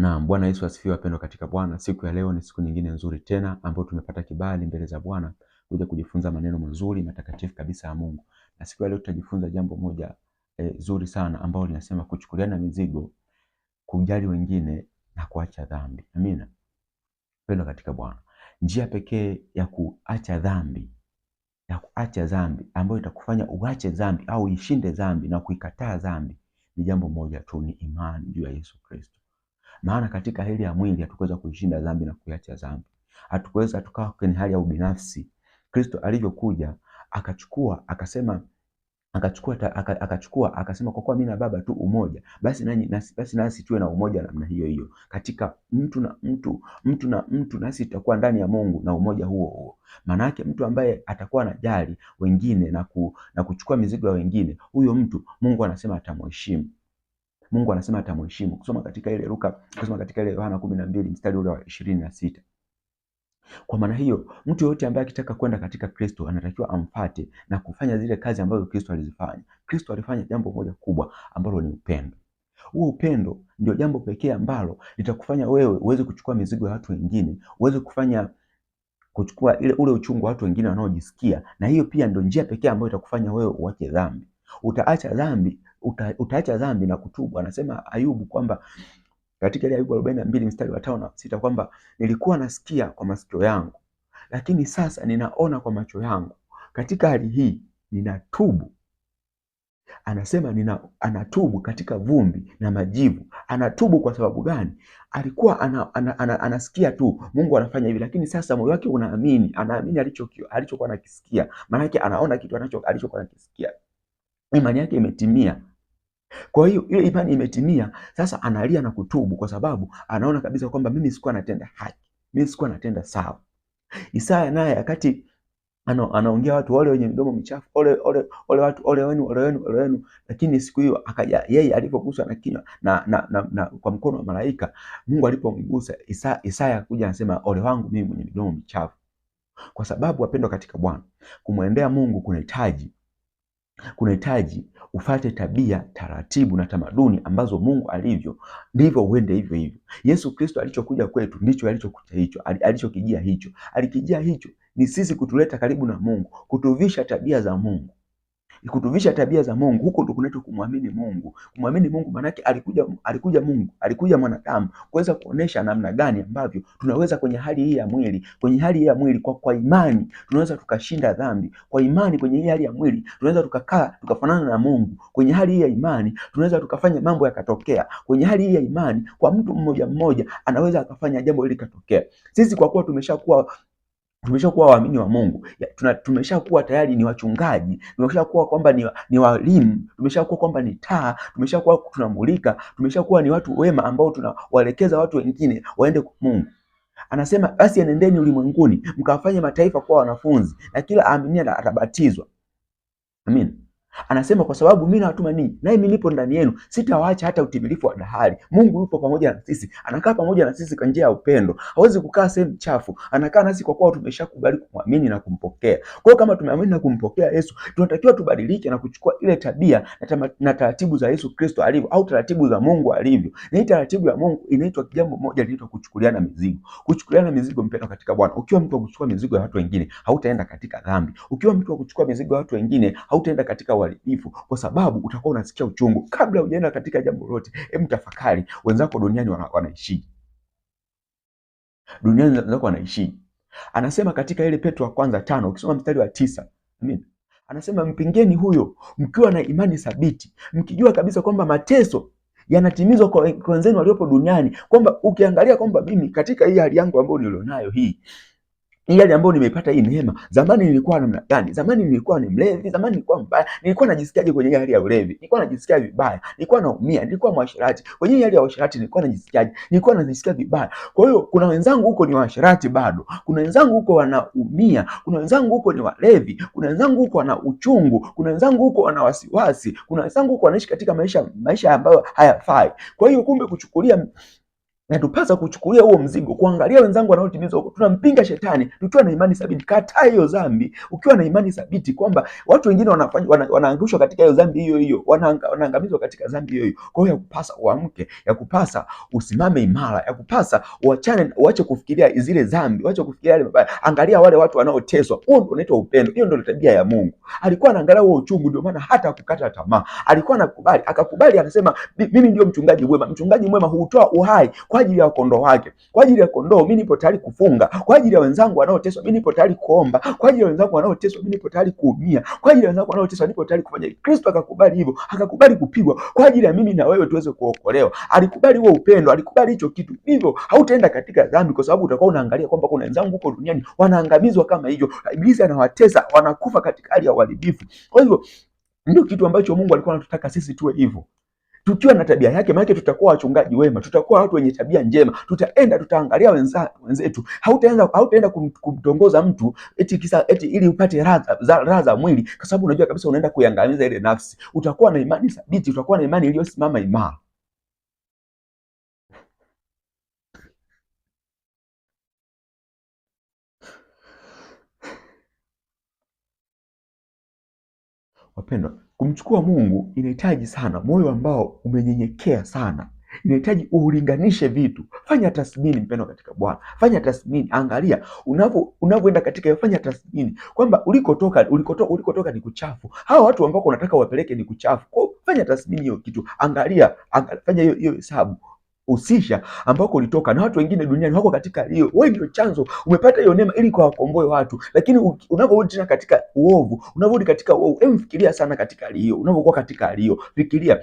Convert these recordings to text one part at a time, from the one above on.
Na Bwana Yesu asifiwe wapendwa katika Bwana. Siku ya leo ni siku nyingine nzuri tena ambayo tumepata kibali mbele za Bwana kuja kujifunza maneno mazuri matakatifu kabisa ya Mungu. Na siku ya leo tutajifunza jambo moja e, zuri sana ambalo linasema kuchukuliana mizigo, kujali wengine na kuacha dhambi. Amina. Wapendwa katika Bwana. Njia pekee ya kuacha dhambi, ya kuacha dhambi ambayo itakufanya uache dhambi au ishinde dhambi na kuikataa dhambi ni jambo moja tu, ni imani juu ya Yesu Kristo maana katika hali ya mwili hatukuweza kuishinda dhambi na kuiacha dhambi, hatukuweza tukawa kwenye hali ya ubinafsi. Kristo alivyokuja akachukua akasema akachukua akachukua akasema, kwa kuwa mimi na Baba tu umoja, basi nanyi nasi, basi nasi tuwe na umoja namna hiyo hiyo, katika mtu na mtu, mtu na mtu, nasi tutakuwa ndani ya Mungu na umoja huo huo. Maana yake mtu ambaye atakuwa anajali wengine na, ku, na kuchukua mizigo ya wengine, huyo mtu Mungu anasema atamheshimu. Mungu anasema atamheshimu. Kusoma katika ile Luka, kusoma katika ile Yohana 12 mstari ule wa 26. Kwa maana hiyo, mtu yoyote ambaye akitaka kwenda katika Kristo anatakiwa amfate na kufanya zile kazi ambazo Kristo alizifanya. Kristo alifanya jambo moja kubwa ambalo ni upendo. Huo upendo ndio jambo pekee ambalo litakufanya wewe uweze kuchukua mizigo ya watu wengine, uweze kufanya kuchukua ile ule uchungu wa watu wengine wanaojisikia, na hiyo pia ndio njia pekee ambayo itakufanya wewe uache dhambi utaacha dhambi uta, utaacha dhambi na kutubu. Anasema Ayubu kwamba katika ile Ayubu 42 mstari wa 5 na 6 kwamba nilikuwa nasikia kwa masikio yangu, lakini sasa ninaona kwa macho yangu, katika hali hii ninatubu. Anasema nina, anatubu katika vumbi na majivu. Anatubu kwa sababu gani? Alikuwa ana, ana, ana, ana, anasikia tu Mungu anafanya hivi, lakini sasa moyo wake unaamini, anaamini alichokuwa alicho anakisikia, maanake anaona kitu anacho alichokuwa anakisikia imani yake imetimia. Kwa hiyo ile imani imetimia, sasa analia na kutubu, kwa sababu anaona kabisa kwamba mimi sikuwa natenda haki, mimi sikuwa natenda sawa. Isaya naye wakati ana, anaongea watu wale wenye midomo michafu, ole ole ole watu ole wenu ole wenu ole wenu, lakini siku hiyo akaja yeye alipoguswa na kinywa na, na, na, na, kwa mkono wa malaika Mungu alipomgusa Isaya, Isaya kuja anasema ole wangu mimi mwenye midomo michafu, kwa sababu wapendwa katika Bwana kumwendea Mungu kunahitaji kunahitaji ufate tabia, taratibu na tamaduni ambazo Mungu alivyo, ndivyo uende hivyo hivyo. Yesu Kristo alichokuja kwetu ndicho alichokuja hicho, alichokijia hicho, alikijia hicho ni sisi kutuleta karibu na Mungu, kutuvisha tabia za Mungu ni kutuvisha tabia za Mungu. Huko ndo kunaitwa kumwamini Mungu. Kumwamini Mungu maanake alikuja, alikuja Mungu, alikuja mwanadamu kuweza kuonesha namna gani ambavyo tunaweza kwenye hali hii ya mwili, kwenye hali hii ya mwili kwa, kwa imani tunaweza tukashinda dhambi kwa imani. Kwenye hii hali ya mwili tunaweza tukakaa tukafanana na Mungu. Kwenye hali hii ya imani tunaweza tukafanya mambo yakatokea. Kwenye hali hii ya imani kwa mtu mmoja mmoja anaweza akafanya jambo hili katokea. Sisi kwa kuwa tumeshakuwa kuwa waamini wa Mungu, tumesha kuwa tayari ni wachungaji, tumesha kuwa kwamba ni, ni walimu, kuwa kwamba ni taa, tumesha kuwa tunamulika, kuwa ni watu wema ambao tunawaelekeza watu wengine waende kwa Mungu. Anasema basi, enendeni ulimwenguni mkawafanye mataifa kuwa wanafunzi na kila aaminia atabatizwa. Amin. Anasema kwa sababu mimi nawatuma ninyi, naye mimi nipo ndani yenu, sitawaacha hata utimilifu wa dahari. Mungu yupo pamoja na sisi, anakaa pamoja na sisi kwa njia ya upendo. Hawezi kukaa sehemu chafu, anakaa nasi kwa kuwa tumeshakubali kumwamini na kumpokea. Kwa hiyo kama tumeamini na kumpokea Yesu, tunatakiwa tubadilike na kuchukua ile tabia na taratibu za Yesu Kristo alivyo, au taratibu za Mungu alivyo. Na hii taratibu ya Mungu inaitwa jambo moja linaitwa kuchukuliana mizigo. Kuchukuliana mizigo, mpendwa katika Bwana. Ukiwa mtu wa kuchukua mizigo ya watu wengine, hautaenda katika dhambi. Ukiwa mtu wa kuchukua mizigo ya watu wengine, hautaenda katika uharibifu, kwa sababu utakuwa unasikia uchungu kabla hujaenda katika jambo lolote. Hebu tafakari, wenzako duniani wanaishi Duniani wenzako wanaishi. Anasema katika ile Petro wa kwanza tano ukisoma mstari wa tisa Amin. Anasema mpingeni huyo mkiwa na imani thabiti, mkijua kabisa kwamba mateso yanatimizwa kwa wenzenu waliopo duniani, kwamba ukiangalia kwamba mimi katika hii hali yangu ambayo nilionayo hii hii yaani hali ambayo nimepata hii neema. Zamani nilikuwa namna gani? Zamani nilikuwa ni mlevi, zamani nilikuwa mbaya, nilikuwa najisikiaje kwenye hali ya ulevi? Nilikuwa najisikia vibaya, nilikuwa naumia, nilikuwa mwasherati. Kwenye hali ya uasherati nilikuwa najisikiaje? Nilikuwa najisikia vibaya. Kwa hiyo kuna wenzangu huko ni waasherati bado, kuna wenzangu huko wanaumia, kuna wenzangu huko ni walevi, kuna wenzangu huko wana uchungu, kuna wenzangu huko wana wasiwasi, kuna wenzangu huko wanaishi katika maisha maisha ambayo hayafai. Kwa hiyo kumbe kuchukulia Inatupasa kuchukulia huo mzigo, kuangalia wenzangu wanaotimiza huko, tunampinga shetani tukiwa na imani thabiti. Kataa hiyo dhambi ukiwa na imani thabiti kwamba watu wengine wanafanya wana, wanaangushwa katika hiyo dhambi hiyo hiyo, wanaangamizwa katika dhambi hiyo hiyo. Kwa hiyo yakupasa uamke, yakupasa usimame imara, yakupasa uachane, uache kufikiria zile dhambi, uache kufikiria yale mabaya. Angalia wale watu wanaoteswa, huo ndio unaitwa upendo. Hiyo ndio tabia ya Mungu. Alikuwa anaangalia huo uchungu, ndio maana hata kukata tamaa, alikuwa anakubali, akakubali, anasema mimi ndio mchungaji mwema. Mchungaji mwema huutoa uhai kwa kwa ajili ya kondoo wake, kwa ajili ya kondoo. Mimi nipo tayari kufunga kwa ajili ya wenzangu wanaoteswa, mimi nipo tayari kuomba kwa ajili ya wenzangu wanaoteswa, mimi nipo tayari kuumia kwa ajili ya wenzangu wanaoteswa, nipo tayari kufanya. Kristo akakubali hivyo, akakubali kupigwa kwa ajili ya mimi na wewe tuweze kuokolewa. Alikubali huo upendo, alikubali hicho kitu. Hivyo hautaenda katika dhambi, kwa sababu utakuwa unaangalia kwamba kuna wenzangu huko duniani wanaangamizwa kama hivyo, ibilisi anawatesa, wanakufa katika hali ya uharibifu. Kwa hivyo ndio kitu ambacho Mungu alikuwa anatutaka sisi tuwe hivyo tukiwa na tabia yake, maanake tutakuwa wachungaji wema, tutakuwa watu wenye tabia njema, tutaenda tutaangalia wenzetu. Hautaenda hautaenda kumtongoza mtu eti kisa eti ili upate raha za mwili, kwa sababu unajua kabisa unaenda kuiangamiza ile nafsi. Utakuwa na imani thabiti, utakuwa na imani iliyosimama imara. Wapendwa, kumchukua Mungu inahitaji sana moyo ambao umenyenyekea sana, inahitaji ulinganishe vitu. Fanya tathmini mpendwa katika Bwana, fanya tathmini, angalia unavyoenda katika, fanya tathmini kwamba ulikotoka ulikotoka ulikotoka ni kuchafu, hawa watu ambao unataka wapeleke ni kuchafu. Kwa fanya tathmini hiyo kitu, angalia, angalia fanya hiyo hiyo hesabu ulihusisha ambako ulitoka na watu wengine duniani wako katika hiyo. Wewe ndio chanzo, umepata hiyo neema ili kuwakomboe watu, lakini unaporudi tena katika uovu, unaporudi katika uovu, hebu fikiria sana katika hiyo. Unapokuwa katika hiyo, fikiria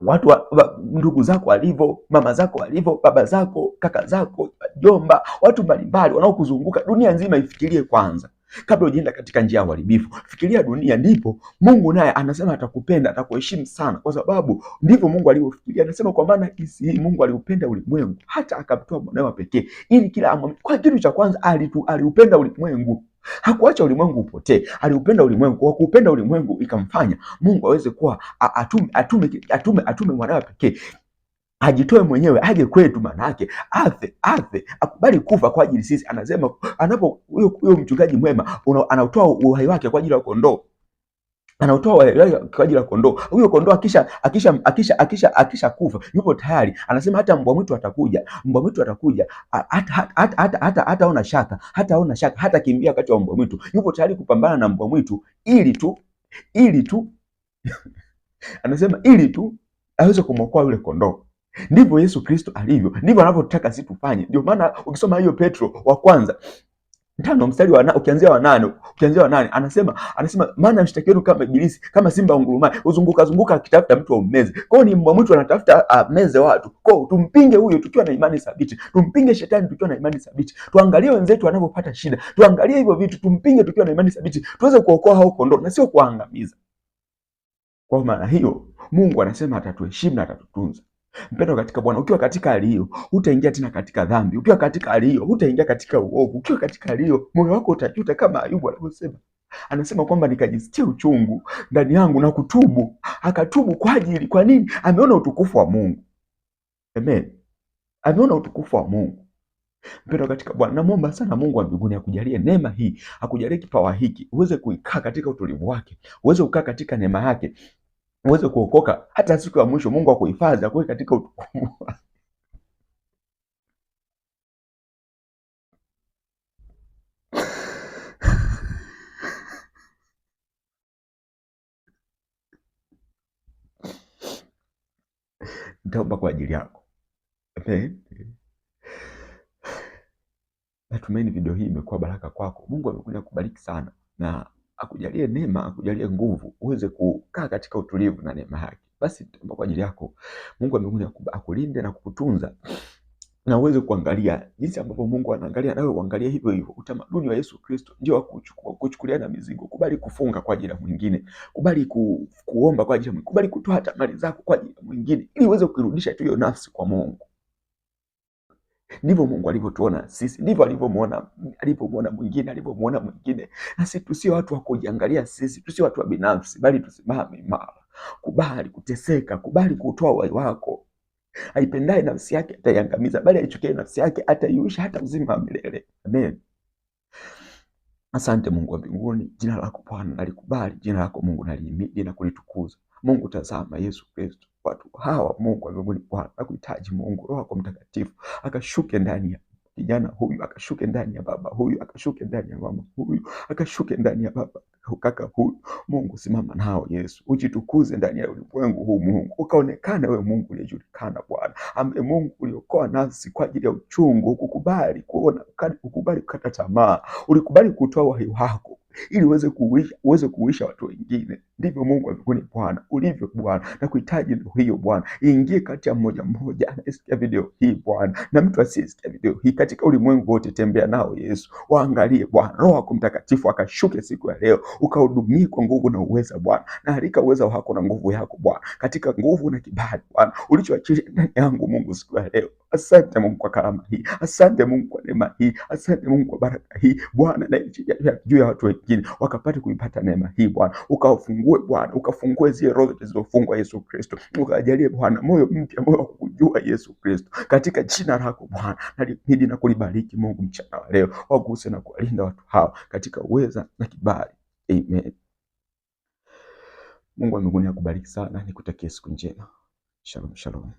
watu wa, wa, ndugu zako walivyo, mama zako walivyo, baba zako, kaka zako, jomba, watu mbalimbali wanaokuzunguka dunia nzima. Ifikirie kwanza kabla hujaenda katika njia ya uharibifu. Fikiria dunia, ndipo Mungu naye anasema atakupenda, atakuheshimu sana, kwa sababu ndivyo Mungu alivyofikiria. Anasema kwa maana jinsi Mungu aliupenda ulimwengu hata akamtoa mwanae wa pekee, ili kila amwamini. Kwa kitu cha kwanza alitu aliupenda ulimwengu hakuacha ulimwengu upotee, aliupenda ulimwengu. Kwa kuupenda ulimwengu, ikamfanya Mungu aweze kuwa atume atume atume atume mwanawe pekee ajitoe mwenyewe aje kwetu, manake afe afe, akubali kufa kwa ajili sisi. Anasema anapo huyo mchungaji mwema anatoa uhai wake kwa ajili ya kondoo anatoa kwa ajili ya kondoo. Huyo kondoo akisha akisha akisha akisha akisha kufa yupo tayari, anasema hata mbwa mwitu atakuja, mbwa mwitu atakuja, hata hata hata hata ona shaka, hata ona shaka, hata kimbia kati ya mbwa mwitu. Yupo tayari kupambana na mbwa mwitu ili tu ili tu anasema ili tu aweze kumwokoa yule kondoo. Ndivyo Yesu Kristo alivyo, ndivyo anavyotaka sisi tufanye. Ndio maana ukisoma hiyo Petro wa kwanza tano mstari wa ukianzia wa nane ukianzia wa nane anasema anasema maana mshtaki wenu kama ibilisi kama simba ungurumai uzunguka zunguka akitafuta mtu aummeze. Kwao ni mbwa mwitu anatafuta ameze ah, watu. Kwao tumpinge huyo tukiwa na imani thabiti, tumpinge shetani tukiwa na imani thabiti, tuangalie wenzetu wanavyopata shida, tuangalie hivyo vitu, tumpinge tukiwa na imani thabiti, tuweze kuokoa hao kondoo na sio kuangamiza. Kwa maana hiyo Mungu anasema atatuheshimu na atatutunza. Mpendo katika Bwana, ukiwa katika hali hiyo utaingia tena katika dhambi. Ukiwa katika hali hiyo utaingia katika uovu. Ukiwa katika hali hiyo moyo wako utajuta, kama Ayubu anavyosema, anasema kwamba nikajisikia uchungu ndani yangu na kutubu. Akatubu kwa ajili, kwa nini? Ameona utukufu wa Mungu. Amen, ameona utukufu wa Mungu. Mpendo katika Bwana, namwomba sana Mungu wa mbinguni akujalie neema hii, akujalie kipawa hiki, uweze kuikaa katika utulivu wake, uweze kukaa katika neema yake, uweze kuokoka hata siku ya mwisho, Mungu akuhifadhi akuwe katika utukufu. Nitaomba kwa ajili yako. Natumaini video hii imekuwa baraka kwako. Mungu amekuja kubariki sana na akujalie neema, akujalie nguvu uweze kukaa katika utulivu na neema yake. Basi tuomba kwa ajili yako. Mungu wa mbinguni akulinde na kukutunza na uweze kuangalia jinsi ambavyo Mungu anaangalia nawe uangalie hivyo hivyo. Utamaduni wa Yesu Kristo ndio wa kuchukua mizigo. Kubali kufunga kwa ajili ya mwingine, kubali ku, kuomba kwa ajili ya mwingine, kubali kutoa hata mali zako kwa ajili ya mwingine, ili uweze kuirudisha tu hiyo nafsi kwa Mungu. Ndivyo Mungu alivyotuona sisi, ndivyo alivyomuona, alivyomwona mwingine alivyomwona mwingine. Nasi tusio watu wa kujiangalia sisi, tusio watu wa binafsi, bali tusimame imara. Kubali kuteseka, kubali kutoa uhai wako. Aipendaye nafsi yake ataiangamiza, bali aichukie nafsi yake ataiuisha hata uzima wa milele. Amen. Asante Mungu wa mbinguni, jina lako Bwana nalikubali, jina lako Mungu nalihimidi na kulitukuza. Mungu, tazama Yesu Kristo watu hawa Mungu mbinguni kwao hakuhitaji Mungu, Roho yako Mtakatifu akashuke ndani ya kijana huyu, akashuke ndani ya baba huyu, akashuke ndani ya mama huyu, akashuke ndani ya baba kaka huyu. Mungu, simama nao Yesu, ujitukuze ndani ya ulimwengu huu. Mungu ukaonekana, wewe Mungu uliyejulikana Bwana, ambaye Mungu uliokoa nafsi kwa ajili ya uchungu, ukukubali kuona, kukubali kukata tamaa, ulikubali kutoa uhai wako ili uweze kuuisha watu wengine ndivyo Mungu mbinguni Bwana ulivyo Bwana, na kuhitaji ndio hiyo Bwana. Ingie kati ya mmoja mmoja anayesikia video hii Bwana, na mtu asiyesikia video hii, katika ulimwengu wote tembea nao Yesu, waangalie Bwana. Roho yako Mtakatifu akashuke siku ya leo, ukahudumie kwa nguvu na uweza Bwana, na harika uweza wako na nguvu yako Bwana, katika nguvu na kibali Bwana ulichoachilia ndani yangu Mungu siku ya leo. Asante Mungu kwa karama hii, asante Mungu kwa neema hii, asante Mungu kwa baraka hii Bwana, na juu ya watu wengine wakapate kuipata neema hii Bwana, ukawafungue ufungue Bwana, ukafungue zile roho zilizofungwa Yesu Kristo, ukajalie Bwana moyo mpya, moyo wa kujua Yesu Kristo, katika jina lako Bwana nalihidi na kulibariki Mungu mchana wa leo, waguse na kuwalinda watu hawa katika uweza na kibali, amen. Mungu wa mbinguni akubariki sana, nikutakie siku njema. Shalom, shalom.